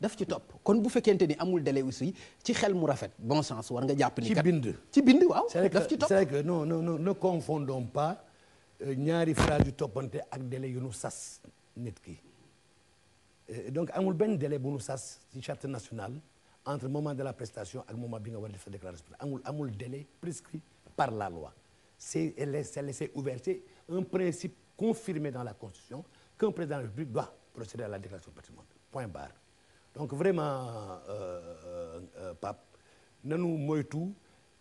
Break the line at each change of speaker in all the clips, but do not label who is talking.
def ci topp kon bu fekkente ni amul délai aussi ci xel mu rafet bon sens war nga jàpp ni kat ci bind ci bind waaw daf ci topp c'est que non non non confondons pas euh, ñaari phrase
yu toppante ak délai yu nu sas nit ki euh, donc amul benn délai bu nu sas ci charte nationale entre moment de la prestation ak moment bi nga war a def sa déclaration amul amul délai prescrit par la loi c'est c'est laissé ouvert c'est un principe confirmé dans la constitution qu'un président de la République doit procéder à la déclaration donc vraiment euh, euh, euh, Pape nanu moytu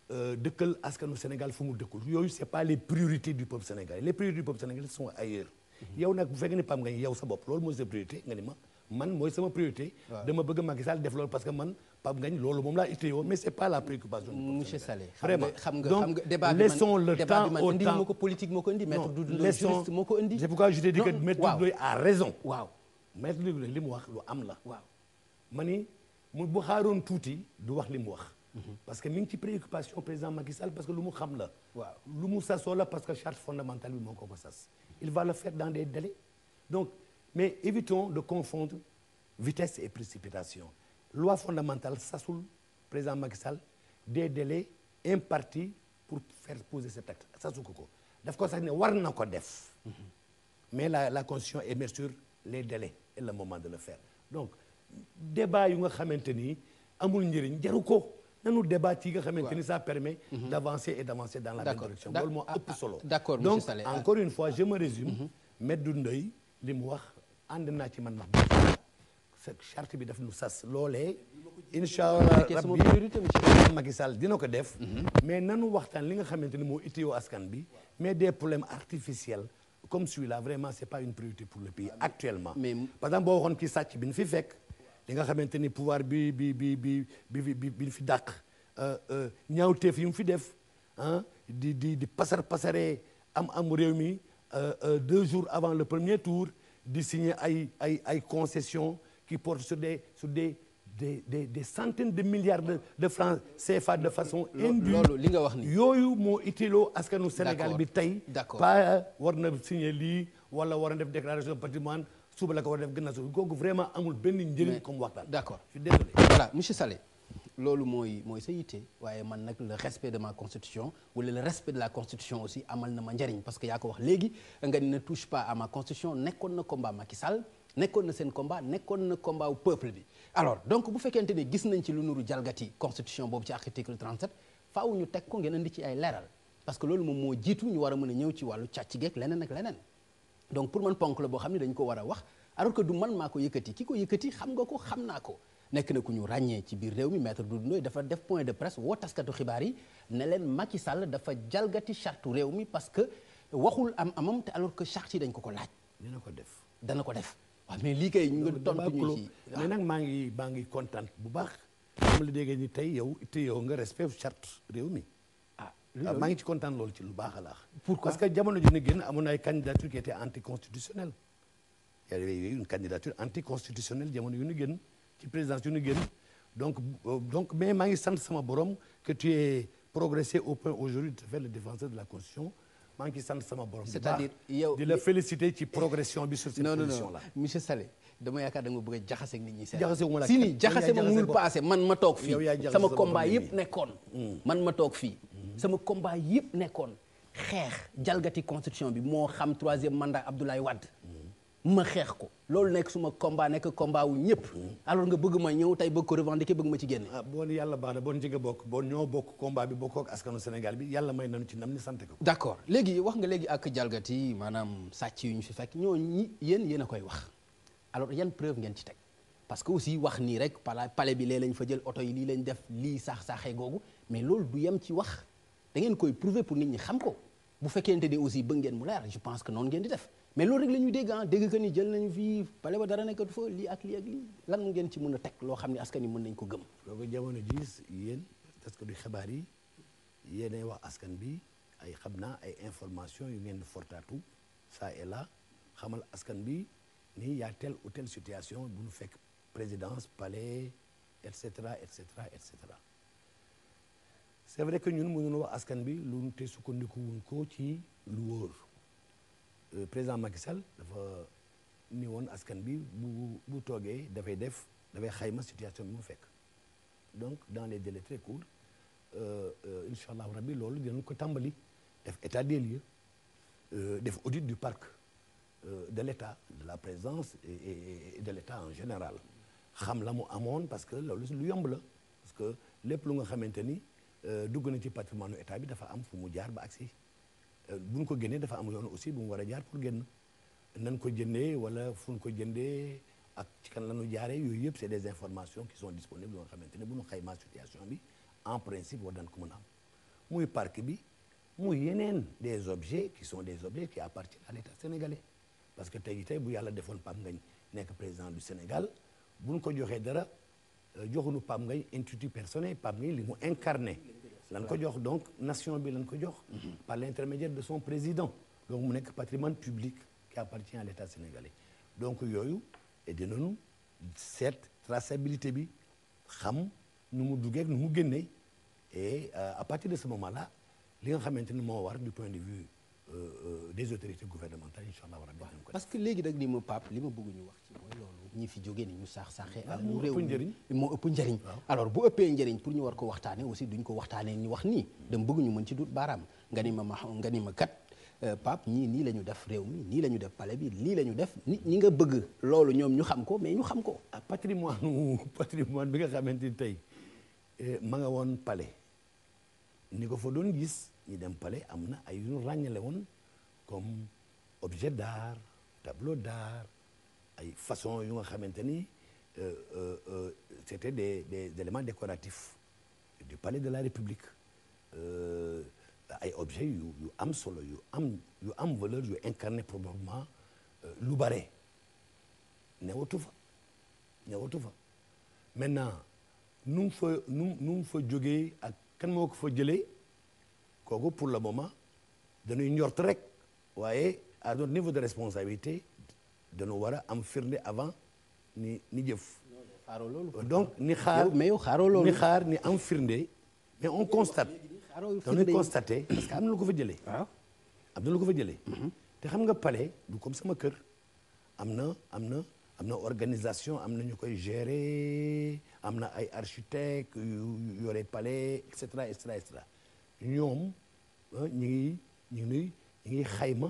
dëkkal askanu Sénégal fu mu dëkkul yooyu c'est pas les priorités du peuple sénégalais les priorités du peuple sénégalais sont ailleurs. Mhm. yow nag bu fekkee ne Pape nga sa bopp loolu mooy sa priorité nga ni ma man mooy sama priorité. dama bëgg Macky Sall def loolu parce que man Pape Ngagne loolu moom laa ittee yow mais c'est pas la préoccupation. monsieur Salé
vraiment xam nga xam nga c'est pourquoi je t'ai dit que maître Doudou Ndoye a raison. waaw maître li wax lu am la waaw.
ma ni mu bu xaaroon tuuti du wax li mu wax. parce que mi ngi ci préoccupation président Macky Sall parce que lu mu xam la. waaw lu mu sasoo la parce que charte fondamentale bi moo ko ko sas. il va le faire dans des délais donc mais évitons de confondre vitesse et précipitation loi fondamentale sasul président Macky Sall des délais impartis pour faire poser cet acte sasu ko ko daf ko sax ni war na ko def. Mhm. mais la la constitution émet sur les délais et le moment de le faire donc. débat yu nga xamante ni amul njëriñ jaru ko nanu débat yi nga xamante ni ça permet mhm. d' avancer et d' avancer dans la bonne direction loolu moo ah, ëpp ah, solo d'accord donc ah. encore une fois je me résume mhm. Meddu Ndeye li mu wax ànd naa ci man ma sa charte bi daf nu sas loole incha allah rabbi Macky dina ko def mhm. mais nanu waxtaan li nga xamante ni moo ittiyoo askan bi mais des problèmes artificiels comme celui-là vraiment c'est pas une priorité pour le pays actuellement par exemple boo waxoon ci bi nu fi fekk li nga xamante ni pouvoir bi bi bi bi bi bi fi dàq euh, euh, ñaawteef yi mu fi def ah di di di pasar pasaree am am réew mi euh, deux jours avant le premier tour di signer ay ay ay concessions qui portent sur des sur des de des des centaines de milliards de de francs CFA de façon indue loolu li nga wax ni yooyu moo itiloo askanu Sénégal bi tey. d'accord pas war na signer
lii wala war na def déclaration de patrimoine suba la ko war a def gën a suba kooku vraiment amul benn njëriñ comme waxtaan d'accord je suis désolé loolu mooy mooy sa yitte waaye man nag le respect de ma constitution wala le respect de la constitution aussi amal na ma njariñ parce que yaa ko wax léegi nga ne touche pas à constitution nekkoon na combat Macky Sall nekkoon na seen combat nekkoon na combat wu peuple bi alors donc bu fekkente ne gis nañ ci lu nuru jalgati constitution boobu ci article 37 faaw ñu teg ko ngeen andi ci ay leeral parce que loolu moom moo jiitu ñu mën a ñëw ci càcc geeg leneen ak leneen donc pour man ponk la boo xam ne dañ ko war a wax alors que du man maa ko yëkkati ki ko yëkkati xam nga ko xam naa ko nekk na ku ñu ràññee ci biir réew mi maître du Ndoye dafa def point de presse woo taskatu xibaar yi ne leen Macky Sall dafa jalgati charte réew mi parce que waxul am amam te alors que charte yi dañ ko ko laaj. dana ko def dana ko def waaw mais lii kay. ñu ngi tontu ñu ci mais maa
ngi maa ngi kontaan bu baax. xam la déggee ni tey yow te yow nga respect charte réew mi. maa ngi ci kontaan loolu ci lu baax a laax. pourquoi parce que jamono ji ñu génn amoon na ay candidature qui était anticonstitutionnelle. y avait eu une candidature jamono yu ñu ci présidence yu ñu génn euh, mais maa ngi sant sama borom que tu es progressé au point aujourd'hui de te faire le défenseur de la constitution. maa ngi sant sama borom. c'est-à-dire yow di la
féliciter ci progression bi sur cette position là non non monsieur Salé dama yaakaar da nga bëgg a jaxase nit ñi. jaxase wu ma la si nii jaxase ma mënul passé man ma toog fii. sama combat yëpp nekkoon. Hmm. man ma toog fii. sama combat yëpp nekkoon xeex jalgati constitution bi moo xam troisième mandat Abdoulaye Wade ma xeex ko loolu nekk suma combat nekk combat wu ñëpp alors nga bëgg ma ñëw tey bëgg ko revendiquer bëgg ma ci génne ah bon yàlla baax na bon ci bokk bon ñoo bokk combat bi bokkoo ak askanu Sénégal bi yàlla may nanu ci nam ni sant ko d'accord léegi wax nga léegi ak jalgati maanaam sàcc yu ñu fi fekk ñoo ñi yéen yéen a koy wax alors yan preuve ngeen ci teg parce que aussi wax nii rek pala palais bi lee lañ fa jël oto yi lii lañ def lii saax-saaxee googu mais loolu du yem ci wax da koy prouver pour nit ñi xam ko bu fekkente ne aussi bëgg ngeen mu leer je pense que noonu ngeen di def mais loolu rek la ñuy dégg ah dégg que ni jël nañu fii pale ba dara nekkatu fa lii ak lii ak lii lan ngeen ci mën a teg loo xam ne askan yi mën nañ ko gëm loolu jamono jii yéen parce que du xibaar yi
yéenay wax askan bi ay xam naa ay information yu ngeen di fortaatu ça et là xamal askan bi ni y a telle ou situation bu ñu fekk présidence palais et cetera et cetera et cetera c'est vrai que ñun mu mënuñu wax askan bi lu te sukkandiku wuñ ko ci lu wóor euh, président Macky dafa niwoon askan bi bu bu toogee dafay def dafay xayma situation bi mu fekk donc dans les délais très courts euh, euh, incha allahu rabbi loolu dinañ ko tàmbali def état des lieux def audit du parc de l'État de la présence et de l'État en général xam la mu amoon parce que loolu lu yomb la parce que lépp lu nga xamante ni Euh, dugg na ci patrimoine u état bi dafa am fu mu jaar ba si euh, bu ñu ko génnee dafa am yoon aussi bu mu war a jaar pour génn nan ko jëndee wala fu ñu ko jëndee ak ci kan la nu jaaree yooyu yëpp c'est des informations qui sont disponibles yoo xamante ne bu ñu xaymaa situation bi en principe war ko mën a am muy parc bi muy yeneen des objets qui sont des objets qui appartiennent à l'État parce que tey jii tey bu yàlla defoon Pape Ngagne nekk président du Sénégal bu ko joxee dara. joxunu Pape Ngagne institut personnel Pape Ngagne li mu incarné lan ko jox donc nation bi lan ko jox par l'intermédiaire de son président donc mu nekk patrimoine public qui appartient à l'État sénégalais donc yooyu et dinañu seet traçabilité bi xam nu mu duggee nu mu génnee et euh, à partir de ce moment là li nga xamante ni moo war du point de vue euh, euh, des autorités gouvernementales incha allah war
a parce nag li ma li ma bëgg ñu wax ci mooy loolu ñi fi jóge ni ñu saax saaxee ak ah, mu réew moo ëpp njëriñ ah. alors bu ëppee njëriñ pour ñu war ko waxtaane aussi duñ ko waxtaanee ñu wax nii dama bëgg ñu mën ci dut baaraam nga ni ma ma nga ni ma kat euh, Pape ñii nii la ñu def réew mi nii la ñu def pale bi nii la ñu def nit ñi nga bëgg loolu ñoom ñu xam ko mais ñu xam ko ah, patrimoine
patrimoine bi nga xamante ni tey euh, ma nga woon pale ni ko fa doon gis ñi dem pale am na ay yu ràññale woon comme objet d'art tableau d'art ay façon yu nga xamante ni euh, euh, euh, c'était des des éléments décoratifs du palais de la république ay objets yu yu am solo yu am yu am valeur yu incarné probablement lu bare newatu fa newatu fa maintenant nu mu fa nu nu fa jógee ak kan moo ko fa jëlee kooku pour le moment dañuy njort rek waaye à notre niveau de responsabilité dañoo war a am firnde avant ni ni jëf. xaaroo donc ni xaar mais yow xaaroo ni xaar ni am firnde. mais on constate
dañuy constaté
parce que am na lu ko fa jëlee. waaw ah. ko fa jëlee. Mm-hmm. te xam nga pale du comme sama kër am na am na am na organisation am na ñu koy gérer am na ay architecte yu yore palais et cetera et ñoom ah, ñu ngi ñu ngi ñu xayma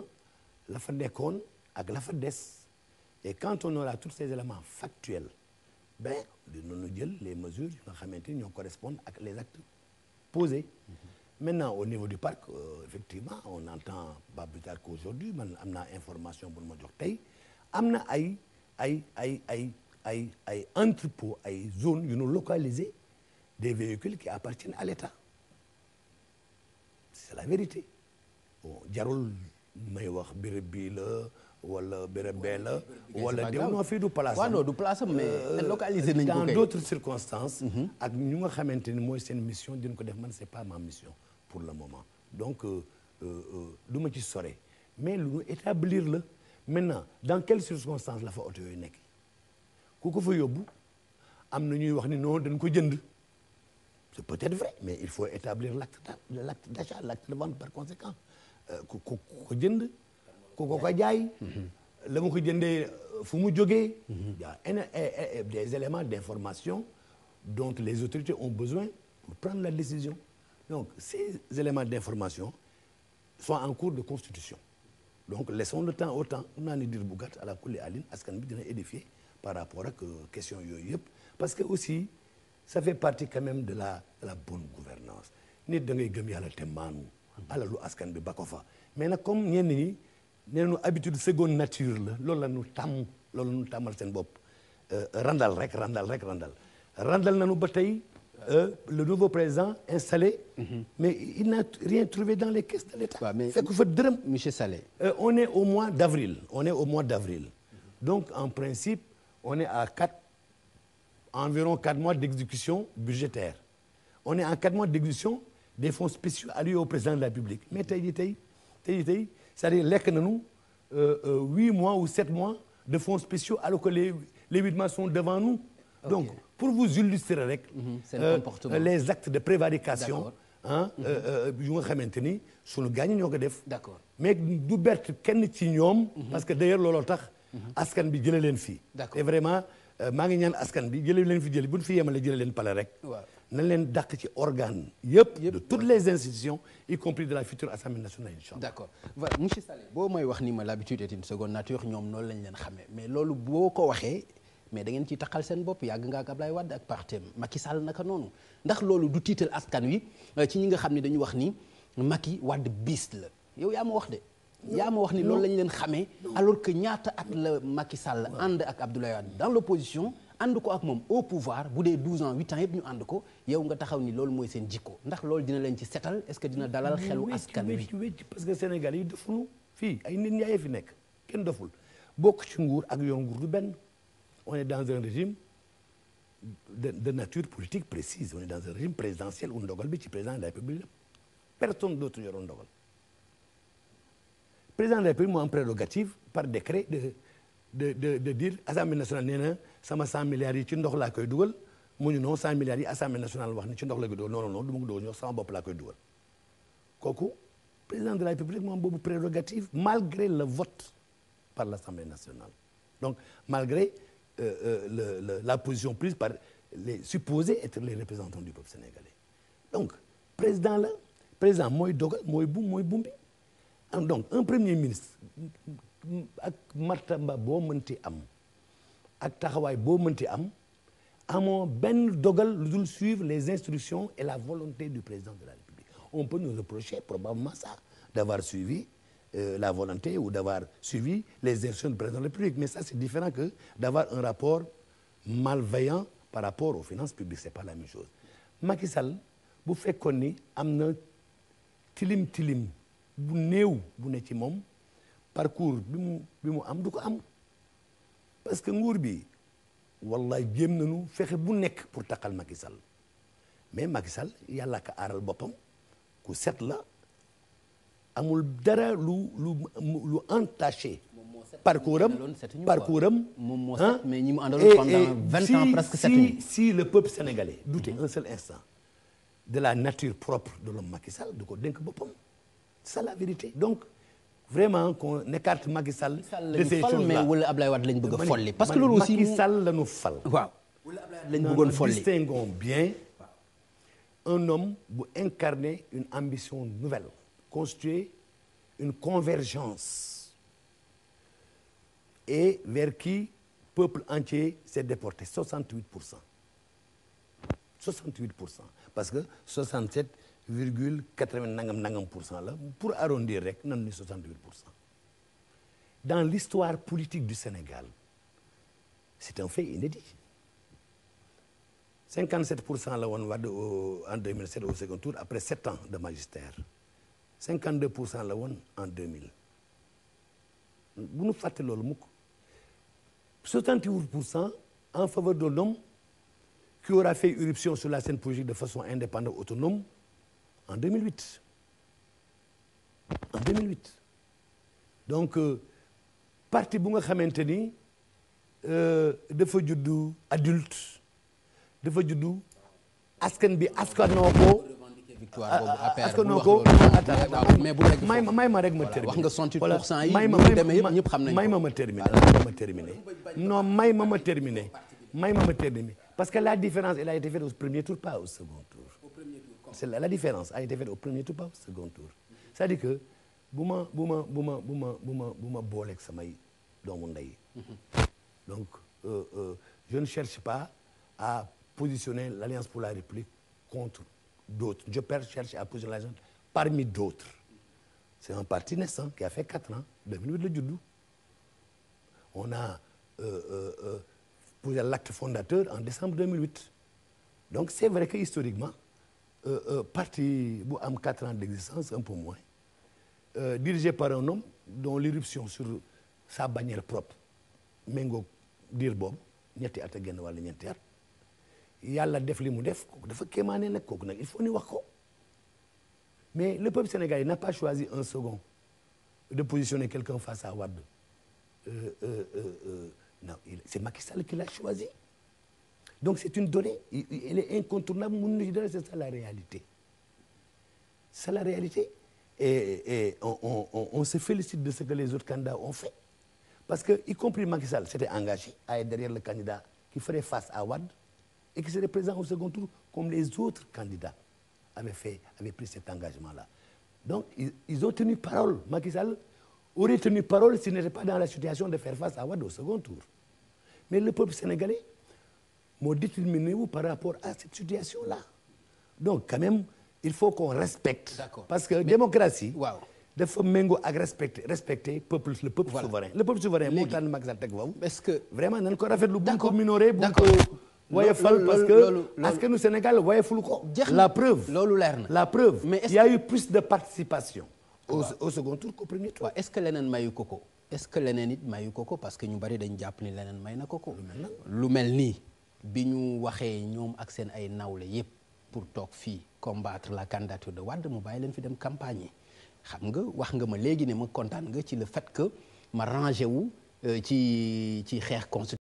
la nekkoon ak la des. e quand on aura tous ces éléments factuels ben dinañu jël les mesures yu nga xamante ni ñoo correspondent ak les actes posés mm-hmm. maintenant au niveau du parc euh, effectivement on entend pas plus tard qu'aujourd'hui man am naa information bu ma jox tey am na ay ay ay ay ay ay entrepôt ay zones yu ñu localiser des véhicules qui appartiennent à l'État c'est la vérité bon jarul may wala béréb bee la. wala déw non fii du place am. du place mais euh, localisé nañ ko dans d'autres circonstances. Mhm. ak ñu nga xamante ni mooy seen mission dina ko def man c'est pas ma mission pour le moment donc euh, euh, du ma ci sore mais lu ñu établir la maintenant dans quelles circonstances la fa oto yooyu nekk ku ko fa yóbbu am na ñuy wax ni non dañ ko jënd. c'est peut-être vrai mais il faut établir l'acte d'achat l'acte de vente par conséquent ko jënd. ku ko ko la mu ko jëndee fu mu jógee y a des éléments d'information dont les autorités ont besoin pour prendre la décision donc ces éléments d'information sont en cours de constitution donc laissons le temps au temps am naa ne dir bu gàtt àla kulli alin askan bi dina édifié par rapport ak euh, question yooyu yëpp parce que aussi ça fait partie quand même de la de la bonne gouvernance nit da ngay gëm yàlla te maanu alalu askan bi ba ko fa mais nag comme ñenn ñi nee nu habitude seconde nature la loolu la ñu tàmm loolu la ñu seen bopp euh, randal rek randal rek randal randal nañu ba tey euh, le nouveau président installé. Mhm. mais il n'a rien trouvé dans les caisses de l'État. fekk fa dërëm monsieur Salé. Euh, on au mois d'avril on est au mois d'avril donc en principe on est à quatre environ quatre mois d'exécution budgétaire on est à quatre mois d'exécution des fonds spéciaux alloués au président de la République mais tey jii tey tey. c'est-à-dire lekk nañu euh, euh, huit mois ou sept mois de fonds spéciaux alors que les les huit mois sont devant nous. donc pour vous illustrer rek. Mhm, seen euh, comportement les actes de prévarication. ah yu nga xamante ni sunu gaañ ñoo ko def. d'accord mais du bert kenn ci ñoom. Mhm. parce que d'ailleurs looloo tax. askan bi jëlee leen fii. d'accord Euh, maa ngi ñaan askan bi jëlee leen fi jële bu ñu fi yemale jëlee leen pale rek. waaw nañ leen dàq ci organe yëpp de toutes les
institutions y compris de la future assemblée nationale incha allah. d' accord voilà monsieur Sall boo wax ni ma l' habitude est une seconde nature ñoom noonu lañ leen xame mais loolu boo ko waxee mais da ngeen ciy taxal seen bopp yàgg nga ak Ablaye Wade ak partem Macky Sall naka noonu ndax loolu du tiital askan wi euh, ci ñi nga xam ne dañu wax ni Macky Wade bis la yow yaa wax de. yaa ma wax ni loolu la leen xamee alors que ñaata at la Macky Sall ànd ak Abdoulaye Wade dans l'opposition ànd ko ak moom au pouvoir bu dee 12 ans 8 ans yëpp ñu ànd ko yow nga taxaw ni loolu mooy seen jikko ndax loolu dina leen ci setal est-ce que dina dalal xelu askan wi wécc parce que Sénégal yi defuñu fii ay nit ñaayee fi nekk
kenn doful bokk ci nguur ak yoon nguur du benn on est dans un régime de de nature politique précise on est dans un régime présidentiel où ndogal bi ci président de la République la personne dootu président de la République moo am prérogative par décret de de de de dire assemblée nationale nee na sama 100 milliards yi ci ndox laa koy dugal mu ñu no 100 milliards yi assemblée nationale wax ni ci ndox la koy dugal non non non du ma ko dugal sama bopp laa dugal kooku président de la République moo am boobu prérogative malgré le vote par l'Assemblée nationale donc malgré euh, euh, le, la position prise par les supposé être les représentants du peuple sénégalais donc président la président mooy dogal mooy bum Ah, donc un premier ministre ak martaba boo mënti am ak taxawaay boo mënti am amoo benn dogal lu dul les instructions et la volonté du président de la République on peut nous reprocher probablement ça d'avoir suivi euh, la volonté ou d'avoir suivi les instructions du président de la République mais ça c'est différent que d'avoir un rapport malveillant par rapport aux finances publiques c'est pas la même chose Macky Sall bu fekkoon ni am na tilim tilim bu néew bu ne ci moom parcours bi mu bi mu am du ko am parce que nguur bi wallaay jéem nañu fexe bu nekk pour taqal Macky Sall mais Macky Sall yàlla ka aaral boppam ku set la amul dara lu lu lu entaché.
parcours am parcours am moom moo set mais ñi mu àndaloon pendant vingt ans presque sept
si le peuple sénégalais doutait mhm. un seul instant de la nature propre de l'homme Macky du ko denk boppam. c'est ça la donc vraiment qu'on écarte Macky Sall. de ces choses bëgg
a folli parce que loolu aussi Sall la ñu fal. wala
Ablaye lañ bëggoon folli distinguons un homme bu incarner une ambition nouvelle. constituer une convergence et vers qui peuple entier s'est déporté 68 pour cent 68 pour cent parce que 67. virgule quatre-vingt nangam nangam pour cent la pour arrondir rek nan ni soixante-huit pour cent dans l'histoire politique du Sénégal c'est un fait inédit cinquante-sept pour cent la woon Wade en 2007 au second tour après sept ans de magistère cinquante-deux pour cent la woon en 2000 bu nu fàtte loolu mukk soixante-huit pour cent en faveur de l'homme qui aura fait irruption sur la scène politique de façon indépendante autonome en 2008 en 2008 donc euh, parti bu nga xamante ni euh, dafa juddu adulte
dafa juddu askan bi askanoo ko. victoire boobu APR ah, ah, askanoo ko mais bu may ma may ma rek ma terminer. wax may ma ma
ma terminer ma terminer non may ma ma terminer may ma ma terminer parce que la différence elle a été au premier tour pas au second c'est la, la différence a été faite au premier tour pas au second tour c'est-à-dire que bu ma bu ma bu ma bu ma bu ma bu ma booleeg samay doomu ndey donc euh, euh, je ne cherche pas à positionner l'Alliance pour la République contre d'autres je cherche à positionner l'Alliance parmi d'autres c'est un parti naissant qui a fait quatre ans 2008 la juddu on a euh, euh, euh, posé l'acte fondateur en décembre 2008 donc c'est vrai que historiquement Euh, euh, parti bu am quatre ans d'existence un peu moins euh, dirigé par un homme dont l'irruption sur sa bannière propre méngoog diir boobu ñetti at a génn walla ñetti at yàlla def li mu def kooku dafa kéemaane nag kooku nag il faut ni wax ko mais le peuple sénégalais n'a pas choisi un second de positionner quelqu'un face à Wade euh, euh, euh, l'a choisi donc c'est une donnée elle est incontournable mun c'est la réalité c'est la réalité on, on, on, on se félicite de ce que les autres candidats ont fait parce que y compris Macky Sall s'était engagé à être derrière le candidat qui ferait face à Wade et qui serait présent au second tour comme les autres candidats avaient fait avaient pris là donc ils, ils ont tenu parole Macky Sall aurait tenu parole s'il n'était pas dans la situation de faire face à Wade au second tour moo déterminé wu par rapport à cette situation là donc quand même il faut qu'on respecte d'accord parce que Mais, démocratie waaw dafa méngoo ak respecter respecter peuple le peuple voilà. souverain le peuple souverain moo tànn Macky Sall teg foofu est-ce que vraiment nañ ko rafetlu buñ ko minoré buñ ko wayefal parce que askanu
Sénégal wayeful ko la preuve loolu leer na la preuve il y a eu plus de participation au, au second tour qu'au premier tour est-ce que leneen mayu ko ko est-ce que leneen it mayu ko ko parce que ñu bari dañ jàpp ni leneen may na ko ko lu mel nii bi ñu waxee ñoom ak seen ay nawle yépp pour toog fii combattre la candidature de Wade mu bàyyi leen fi dem campagne yi xam nga wax nga ma léegi ne ma kontaan nga ci la fait que ma rangé euh, ci ci xeex constitution